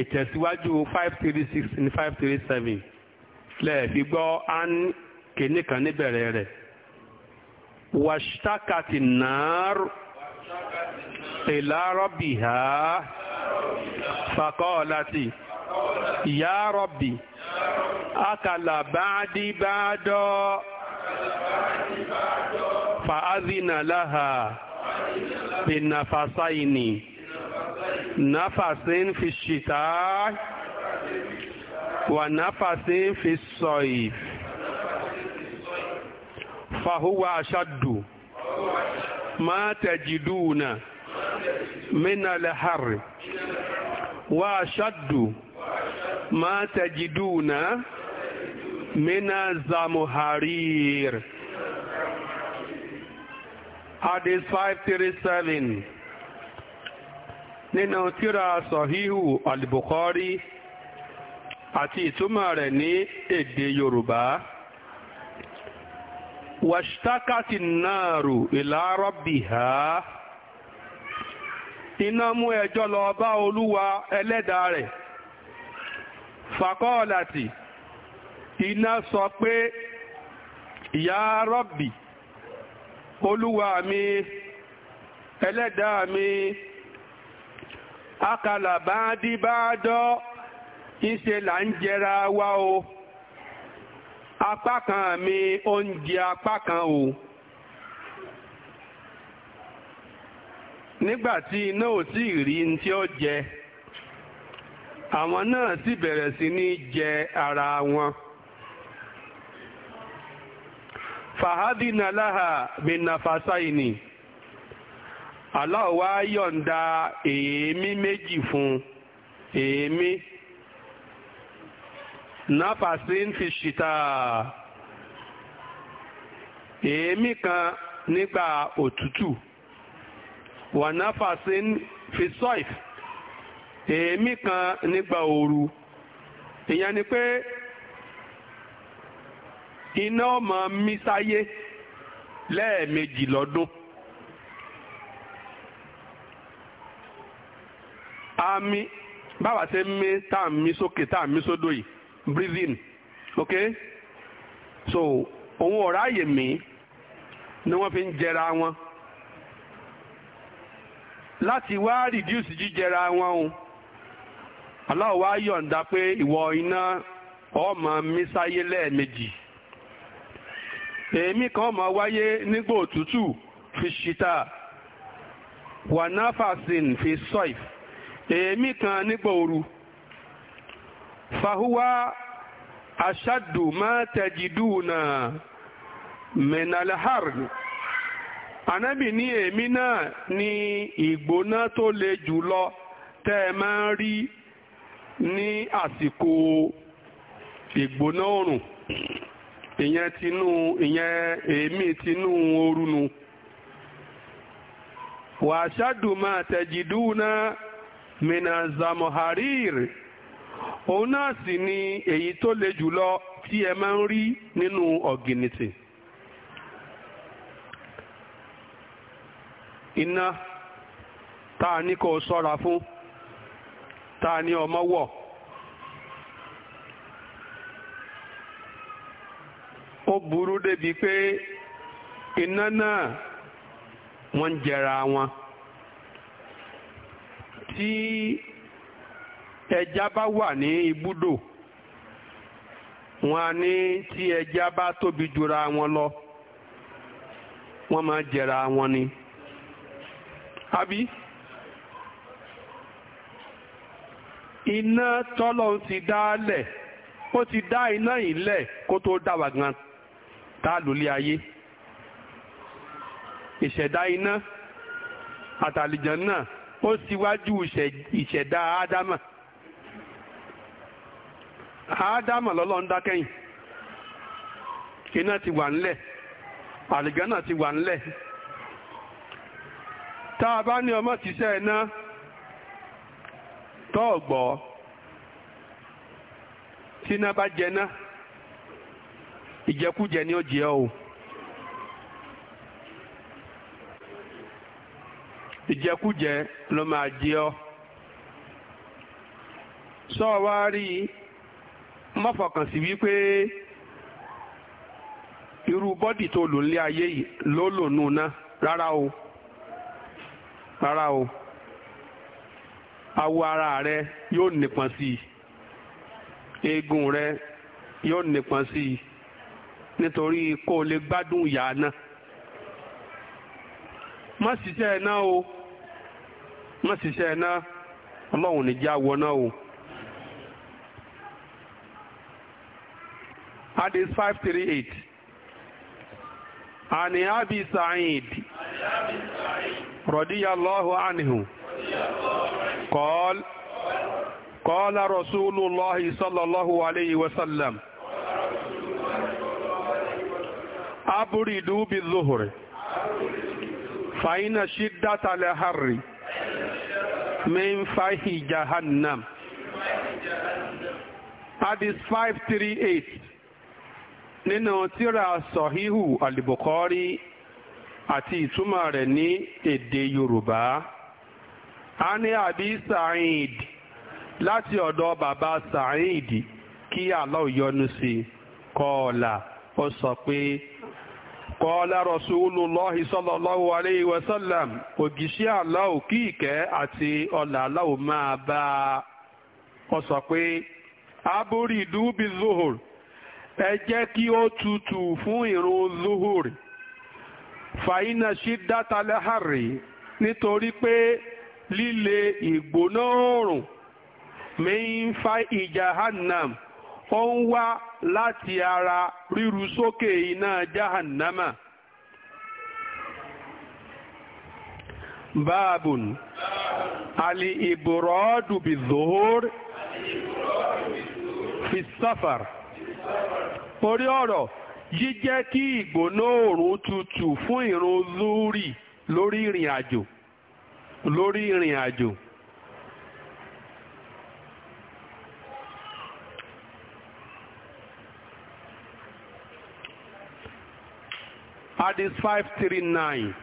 ìtẹ̀síwájú five three six ní five three seven lẹ́ẹ̀fi gbọ́ án kìíní kan níbẹ̀rẹ̀ rẹ̀ wàṣítákàtì náà ìlàrọ̀bì ha fàkọ́ọ̀láti ìyá rọ̀bì akàlà báadí نفس في الشتاء ونفس في الصيف فهو أشد ما تجدون من الحر وأشد ما تجدون من الزمهرير Hadith 537 nínú tíra sọ̀híhù alìbùkọ́rí àti ìtumọ̀ rẹ̀ ní èdè yorùbá wàṣítákàtì náàrù ìlàárọ̀bì ha iná mú ẹjọ́ lọ bá olúwa ẹlẹ́dà rẹ̀ fàkọ́ọ̀làtì iná sọ pé ìyá rọ́bì olúwa mi ẹlẹ́dà mi. akàlà bá dí bá dọ́ ìṣe là ń jẹra wa o apá kan mi o. ń jẹ apá kan o nígbàtí iná ò tí rí ní tí ó jẹ àwọn náà sì bẹ̀rẹ̀ sí ní jẹ ara wọn. fàhádìnnà láhà bìnnàfàṣáìnì. Allah wá yọ̀ǹda èémí méjì fún èémí nafasin fi ṣìta èémí kan nígbà òtútù wà nafasin fi sọ́ìf èémí kan nígbà ooru ìyẹn ni pé iná ọmọ mísáyé lẹ́ẹ̀mejì lọ́dún. a mí báwa ṣe ń mí tá à ń mí sókè tá à ń mí sódò yìí breathing ok so òun ọ̀rá àyè mí ni wọ́n fi ń jẹra wọn láti wá reduce jíjẹra wọn o Allah wá yọ̀ǹda pé ìwọ iná ọmọ mi sáyé lẹ́ẹ̀mejì èémí kan máa wáyé nígbà òtútù fi ṣìta wà náfàsìn fi sọ́ìf èémí kan nígbà ooru fahuwa ashaddu ma tajiduna min al-harr anábì ní èémí náà ní ìgbóná tó le jùlọ tẹ́ ẹ máa ń rí ní àsìkò ìgbóná oòrùn ìyẹn tinú ìyẹn èémí tinú ooru nu wàṣádùn máa tẹ̀jìdú náà minazamo harir òun náà sì ni èyí tó le jùlọ tí ẹ máa ń rí nínú ọ̀gìnìtì. iná tá a ní kò sọ́ra fún tá a ní ọmọ wọ̀. ó burú débi pé iná náà wọ́n jẹra wọn. tí ẹja bá wà ní ibùdó wọn a ní tí ẹja bá tóbi jura wọn lọ wọn máa jẹra wọn ni àbí iná tọ́lọ́ ti dá lẹ̀ ó ti dá iná yìí lẹ̀ kó tó dá wa gan tá a ayé ìṣẹ̀dá iná àtàlìjàn náà ó ṣíwájú ìṣẹ̀dá ádámà ádámà lọ́lọ́ ń dákẹ́yìn iná ti wà ńlẹ̀ àlìgánà ti wà ńlẹ̀ tá a bá ní ọmọ ṣiṣẹ́ iná tí tíná bá jẹná ìjẹkújẹ ni ó jẹ ọ́ o. ìjẹkújẹ ló máa jẹ ọ́ sọ wá rí má wípé irú bọ́dì tó lò nílé ayé yìí ló lò nù ná rárá o rárá o awọ ara rẹ yóò nípọn sí i eegun rẹ yóò nípọn sí i nítorí kó o lè gbádùn ìyá náà má ṣiṣẹ́ náà o. má ṣiṣẹ́ iná ọlọ́run ní já wọná o. hadith five three eight ani abi sa'id radiyallahu anhu qala qala rasulullah sallallahu alayhi wa sallam abridu bi dhuhri fa inna shiddata al min fahi jahannam 538 nina three eight nínú tírà sọ̀híhù àlìbùkọ́rí àti ìtumọ̀ rẹ̀ ní èdè yorùbá a ní àbí sa'id láti ọ̀dọ̀ bàbá sa'id kí Allah yọ́nú sí kọ́ọ̀là ó pé kọ́ọ́lá Rasulullahi sallallahu alayhi wa sallam ògìṣẹ́ aláwò kí ìkẹ́ àti ọ̀là aláwò máa bá a ó pé bi zuhur ẹ jẹ́ kí ó tutù fún ìrun zuhur fàyínà shiddata lahari nítorí pé líle mi ń fa hannam ó ń wá láti ara ríru sókè iná jahannama. báàbùn ali ibrọ́dù bí zohor fi sáfàr orí ọ̀rọ̀ jíjẹ́ kí ìgbóná òòrùn tutù fún ìrún lórí ìrìn àjò lórí ìrìn àjò. hadith 539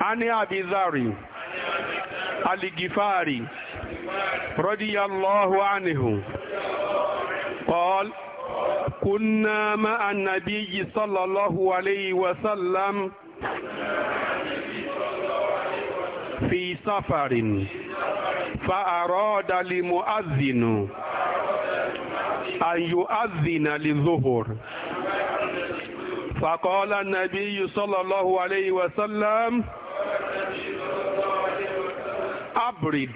عن أبي ذر الجفاري رضي الله عنه قال كنا مع النبي صلى الله عليه وسلم في سفر فأراد لمؤذن أن يؤذن للظهر فقال النبي صلى الله عليه وسلم أبرد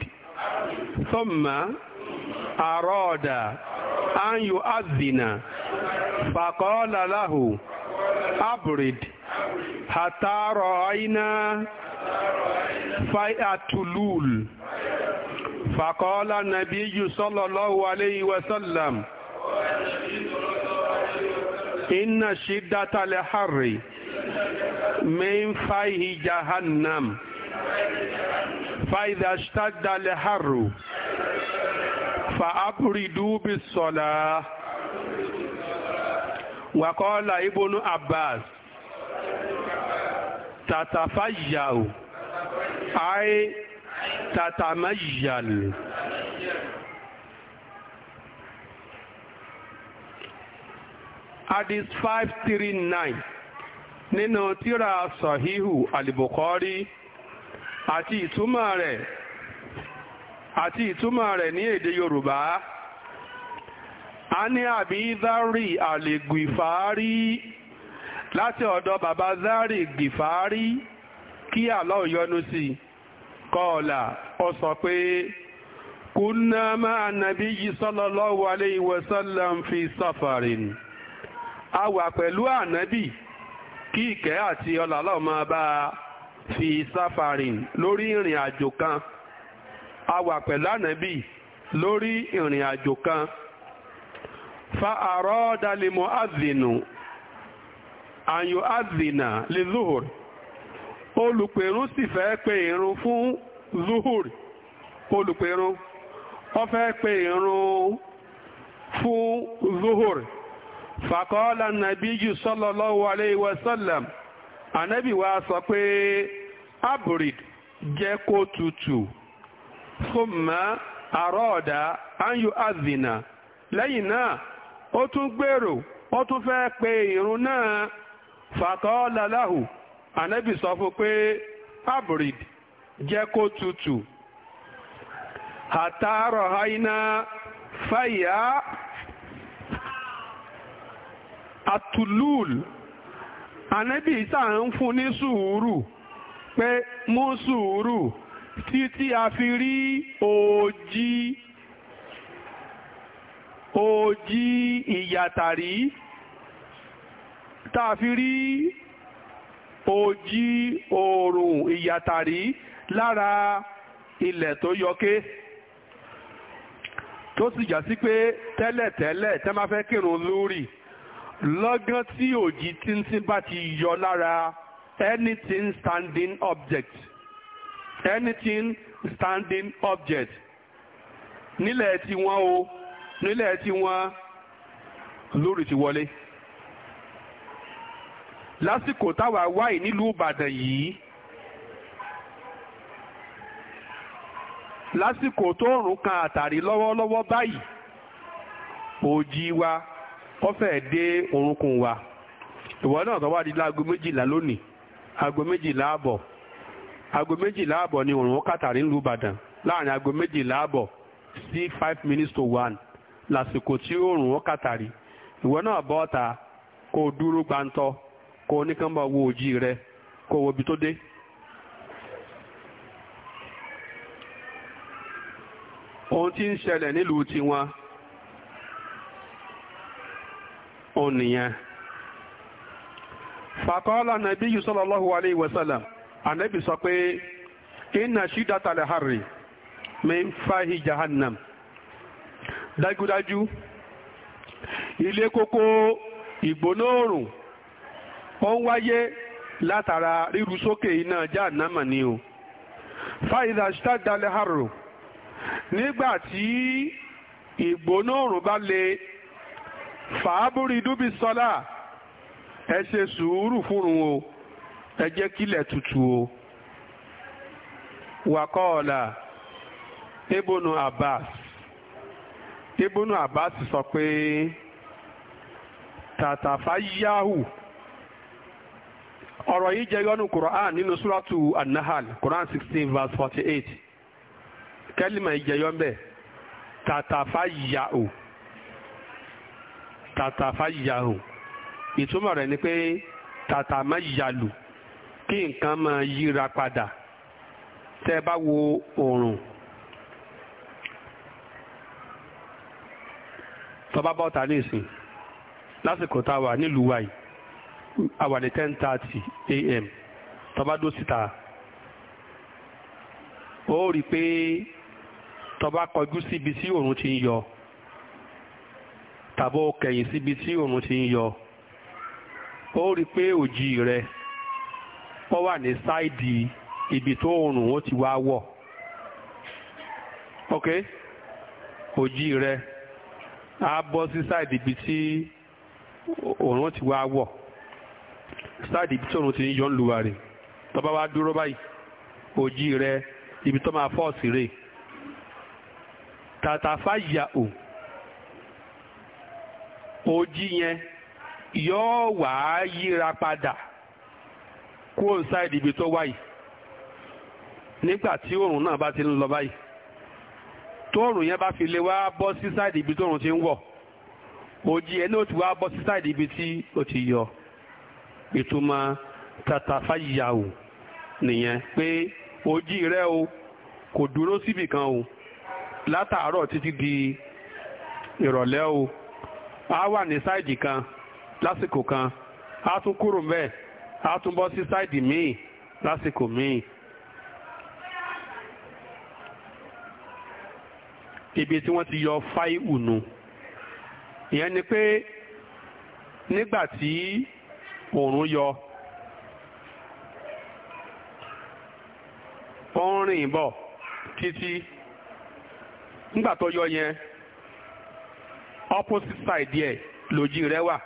ثم أراد أن يؤذن فقال له أبرد حتى رأينا فيئة تلول فقال النبي صلى الله عليه وسلم إن شدة الحر من فيه جهنم فإذا اشتد الحر فأبردوا بالصلاة وقال ابن عباس تتفجأ أي تتمجل adi 539 nínú tíra alibukori àti ìtumọ̀ rẹ̀ àti ìtumọ̀ rẹ̀ ní èdè yorùbá a ní àbí zari àlègbìfàárí láti ọ̀dọ̀ bàbá zari gbìfàárí kí Allah yọ́nú sí kọ́ọ̀là ó sọ pé kunna ma'a nabiyyi sallallahu alayhi safarin. a wà pẹ̀lú ànábì kí ìkẹ́ àti ọlàlọ́ máa bá a fi sáfàrìn lórí ìrìn àjò kan a pẹ̀lú ànábì lórí ìrìn àjò kan fa àrọ́ lè zuhur olùpẹ̀rún sì fẹ́ pe ìrun fún zuhur olùpẹ̀rún fẹ́ pe fún zuhur. fàkọ́ọ́lá nàbíyù sallallahu alayhi wa sallam ànábì wa sọ pé abrid jẹ́ kó tutù fúnmá àrọ́ọ̀dá anyu azina lẹ́yìn náà ó tún gbèrò ó tún fẹ́ pe ìrun náà fàkọ́ọ́lá láhù ànábì sọ fún pé abrid jẹ́ kó tutù àtàrọ̀ haina fàyà atulul ànábì Ìsá ń fún ní sùúrù pé mú sùúrù títí a fi rí òjì òjì ìyàtàrí tá a fi rí òjì oòrùn ìyàtàrí lára ilẹ̀ tó yọké tó sì jà sí pé tẹ́lẹ̀tẹ́lẹ̀ tẹ́ máa fẹ́ kírun lórí lọ́gán tí òjì tíntín bá ti yọ lára anything standing object anything standing object nílẹ̀ tí wọ́n o nílẹ̀ tí wọ́n lórí ti wọlé lásìkò táwa wáyé nílùú Ìbàdàn yìí lásìkò tó ń rùn kan àtàrí lọ́wọ́lọ́wọ́ báyìí òjì wa ọfẹ́ dé orunkun wa ìwọ náà tó di láago méjìlá lónìí aago méjìlá àbọ̀ aago méjìlá àbọ̀ ni òrùn kàtà nílùú Ìbàdàn láàrin méjìlá àbọ̀ sí five minutes to lásìkò tí òrùn kàtà rí ìwọ náà bọ́ ọ̀tà kó o dúró rẹ kó o wo dé. ohun tí ń ṣẹlẹ̀ nílùú tiwọn òun nìyẹn nàbí yìí sallallahu alayhi wa sallam sọ pé inna jahannam dájúdájú ilé kókó ó ń wáyé látara ríru sókè iná ni o fàìdà nígbà tí bá le fàábùrì dúbì sọ́lá ẹ ṣe sùúrù fúrun o ẹ jẹ́ kílẹ̀ tutù o wàkọ́ọ̀là ibùnú abbas ibùnú abbas sọ pé tàtàfà yahoo ọ̀rọ̀ yìí jẹ́ yọnu Qur'an nínú súrọ́tù anahal Qur'an sixteen verse forty eight kẹ́lìmọ̀ ìjẹyọ́ ń tàtàfà yahoo. tàtàfà yàrò ìtumọ̀ rẹ̀ ni pé ma má yàlù kí nǹkan máa yíra padà tẹ́ ẹ bá wo òòrùn tọ́ba bọ́ta ní ìsìn lásìkò tá a wà nílùú wa yìí a wà ní ten thirty a.m. tọ́ba dó síta ó rí i pé tọ́ba kọjú síbi tí òòrùn ti ń yọ tàbó kẹ̀yìn síbi tí òòrùn ti ń yọ ó rí i pé òjì rẹ̀ ó wà ní sáìdì ibi tó òòrùn ó ti wá wọ̀ ok òjì rẹ̀ á bọ́ sí sáìdì ibi tí òòrùn ti wá wọ̀ sáìdì ibi tí òòrùn ti ń yọ ń luwa rè tó bá wá dúró báyìí òjì rẹ̀ ibi tó máa fọ́ọ̀sì rè tàtàfà yà ò òjì yẹn yóò wá yíra padà kúrò ṣáìdì ibi tó wáyìí nígbà tí oòrùn náà bá ti ń lọ báyìí tóòrùn yẹn bá fi lè wá bọ́ sí ṣáìdì ibi tóòrùn ti ń wọ̀ òjì yẹn ló ti wá bọ́ sí ṣáìdì ibi tí ó ti yọ ìtumọ̀ tatafáyàwó nìyẹn pé òjì rẹ o kò dúró síbì o látàárọ̀ títí di ìrọ̀lẹ́ o. a wà ní sáìdì kan lásìkò kan a tún kúrò mẹ́ a tún bọ́ sí sáìdì míì lásìkò míì. ibi tí wọ́n ti yọ fáìwù nu ìyẹn ni pé nígbà tí òòrùn yọ ó ń rìn bọ̀ títí nígbà tó yọ yẹn opposite side ẹ̀ lòjì rẹ̀ wà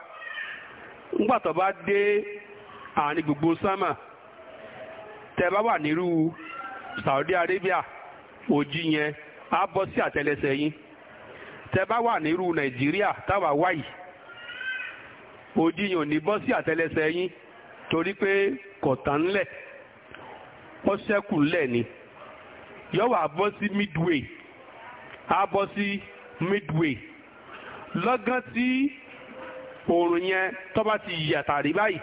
nígbà tó bá dé àárín gbogbo sánmà tẹ́ bá wà nírú Saudi Arabia òjì yẹn á bọ́ sí àtẹlẹsẹ̀ yín tẹ́ bá wà nírú Nàìjíríà táwa wáyìí òjì yẹn ò ní bọ́ sí àtẹlẹsẹ̀ yín torí pé kọ̀tà ńlẹ̀ ó ṣẹ́kù ńlẹ̀ ni sí midway á sí midway lọ́gán tí òòrùn yẹn tó bá ti yí àtàrí báyìí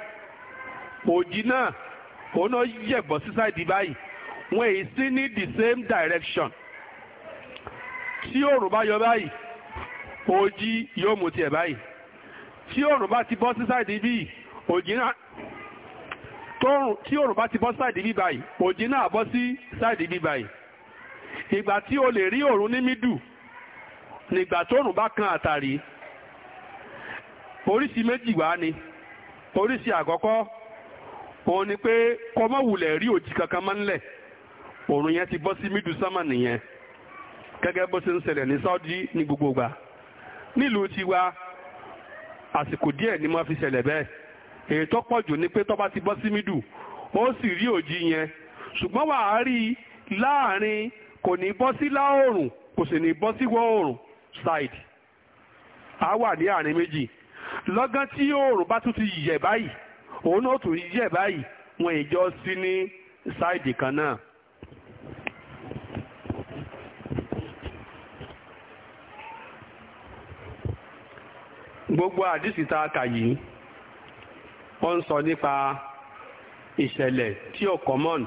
òjì náà òun náà yẹ̀gbọ́ sí báyìí wọ́n èyí sí ní the same direction tí òòrùn bá yọ báyìí òjì yóò mú tiẹ̀ báyìí tí òòrùn bá ti bọ́ sí bíi òjì náà tí òòrùn bá ti bọ́ sáìdì bíi báyìí òjì náà bọ́ sí sáìdì bíi báyìí ìgbà tí o lè rí òòrùn ní mídù nígbà tóòrùn bá kan àtàrí oríṣi méjì wá ni oríṣi àkọ́kọ́ òun ni pé kọ́mọ́wulẹ̀ rí òjì kankan máa ń lẹ̀ yẹn ti bọ́ sí midu sámà nìyẹn gẹ́gẹ́ bó ṣe ń ṣẹlẹ̀ ní Saudi ní gbogbo gbà nílùú tiwa àsìkò díẹ̀ ni mo fi ṣẹlẹ̀ bẹ́ẹ̀ èyí tó pọ̀ jù ni pé tó ti bọ́ sí midu ó sì rí òjì yẹn ṣùgbọ́n wàá rí láàrin kò ní bọ́ sí láòrùn kò sì ní bọ́ sí wọ̀ side a wà ní àárín méjì lọ́gán tí oòrùn bá tún ti yẹ̀ báyìí òun náà tún yẹ̀ báyìí wọn ìjọ sí ní sáìdì kan náà. gbogbo àdìsí tá a kà yìí ó ń sọ nípa ìṣẹ̀lẹ̀ tí ò common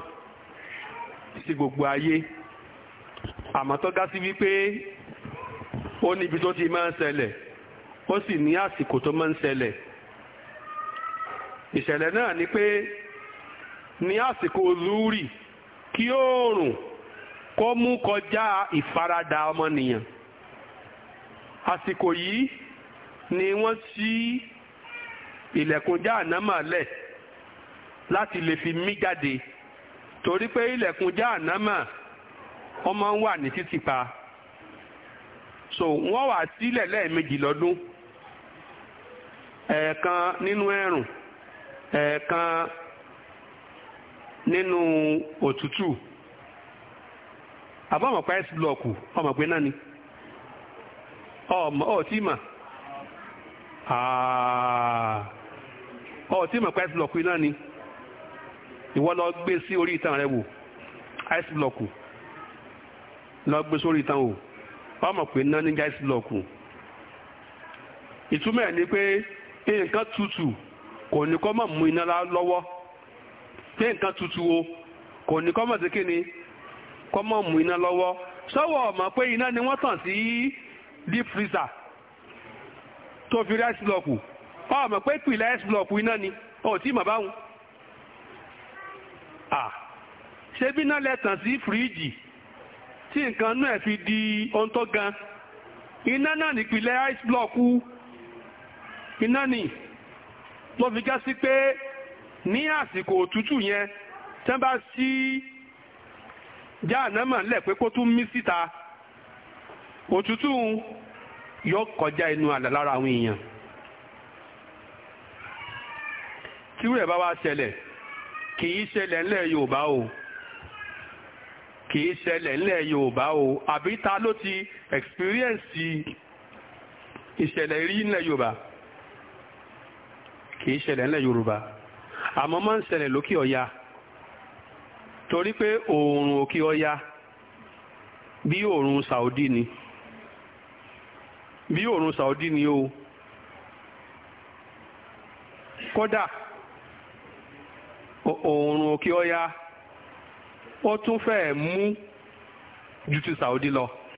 sí gbogbo ayé àmọ́ tó gá sí wípé ó níbi tó ti máa ń ṣẹlẹ̀ ó sì ní àsìkò tó máa ń ṣẹlẹ̀ ìṣẹ̀lẹ̀ náà ni pé ní àsìkò lúúrì kí oòrùn kó mú kọjá ìfaradà ọmọnìyàn àsìkò yìí ni wọ́n ṣí ilẹ̀kùn jáànámà lẹ̀ láti lè fi mí jáde torí pé ilẹ̀kùn jáànámà ọmọ ń wà ní títì pa so wọ́n wà sílẹ̀ lẹ́ẹ̀mejì lọ́dún ẹ̀ẹ̀kan nínú ẹ̀rùn ẹ̀ẹ̀kan nínú òtútù àbọ̀mọ̀ pa ẹ́sì blọọ̀kù ọmọ pé náà ni ọmọ ọtí mà ọtí mà pa ẹ́sì blọọ̀kù náà ni ìwọ lọ gbé sí orí ìtàn rẹ wò ẹ́sì blọọ̀kù lọ gbé sórí ìtàn wò ọmọ pé ná ní gáìsì lọ́ọ̀kù ìtumọ̀ ẹ̀ ni pé nǹkan tutù kò ní kọ́ mọ̀ mú iná lọ́wọ́ pé nǹkan tutù o kò ní kọ́ mọ̀ sí kíni kọ́ mọ̀ mú iná lọ́wọ́ sọ́wọ́ ọ̀mọ̀ pé iná ni wọ́n tàn sí deep freezer tó fi rí ice block ọ̀mọ̀ pé ìpìlẹ̀ ice block iná ni ọ̀ tí mà báwọn. ṣé bí iná lẹ tàn sí fíríjì tí nǹkan náà fi di ohun tó gan iná náà nípìnlẹ̀ ice block iná nì ló fi já sí pé ní àsìkò òtútù yẹn tẹ́ bá sí jáànámà lẹ̀ pé kó tún mí síta òtútù yóò kọjá inú àlà lára àwọn èèyàn tí rẹ̀ bá wá ṣẹlẹ̀ kì í ṣẹlẹ̀ ńlẹ̀ Yorùbá o kìí ṣẹlẹ̀ ńlẹ̀ Yorùbá o àbí ta ló ti ẹ̀xpíríẹ̀nsì ìṣẹ̀lẹ̀ rí ńlẹ̀ Yorùbá kìí ṣẹlẹ̀ ńlẹ̀ Yorùbá àmọ́ máa ń ṣẹlẹ̀ lókè ọya torí pé oòrùn òkè ọya bí oòrùn Saudi ni bí oòrùn Saudi ni o kódà oòrùn òkè ọya ó tún fẹ́ẹ̀ mú ju ti Saudi lọ.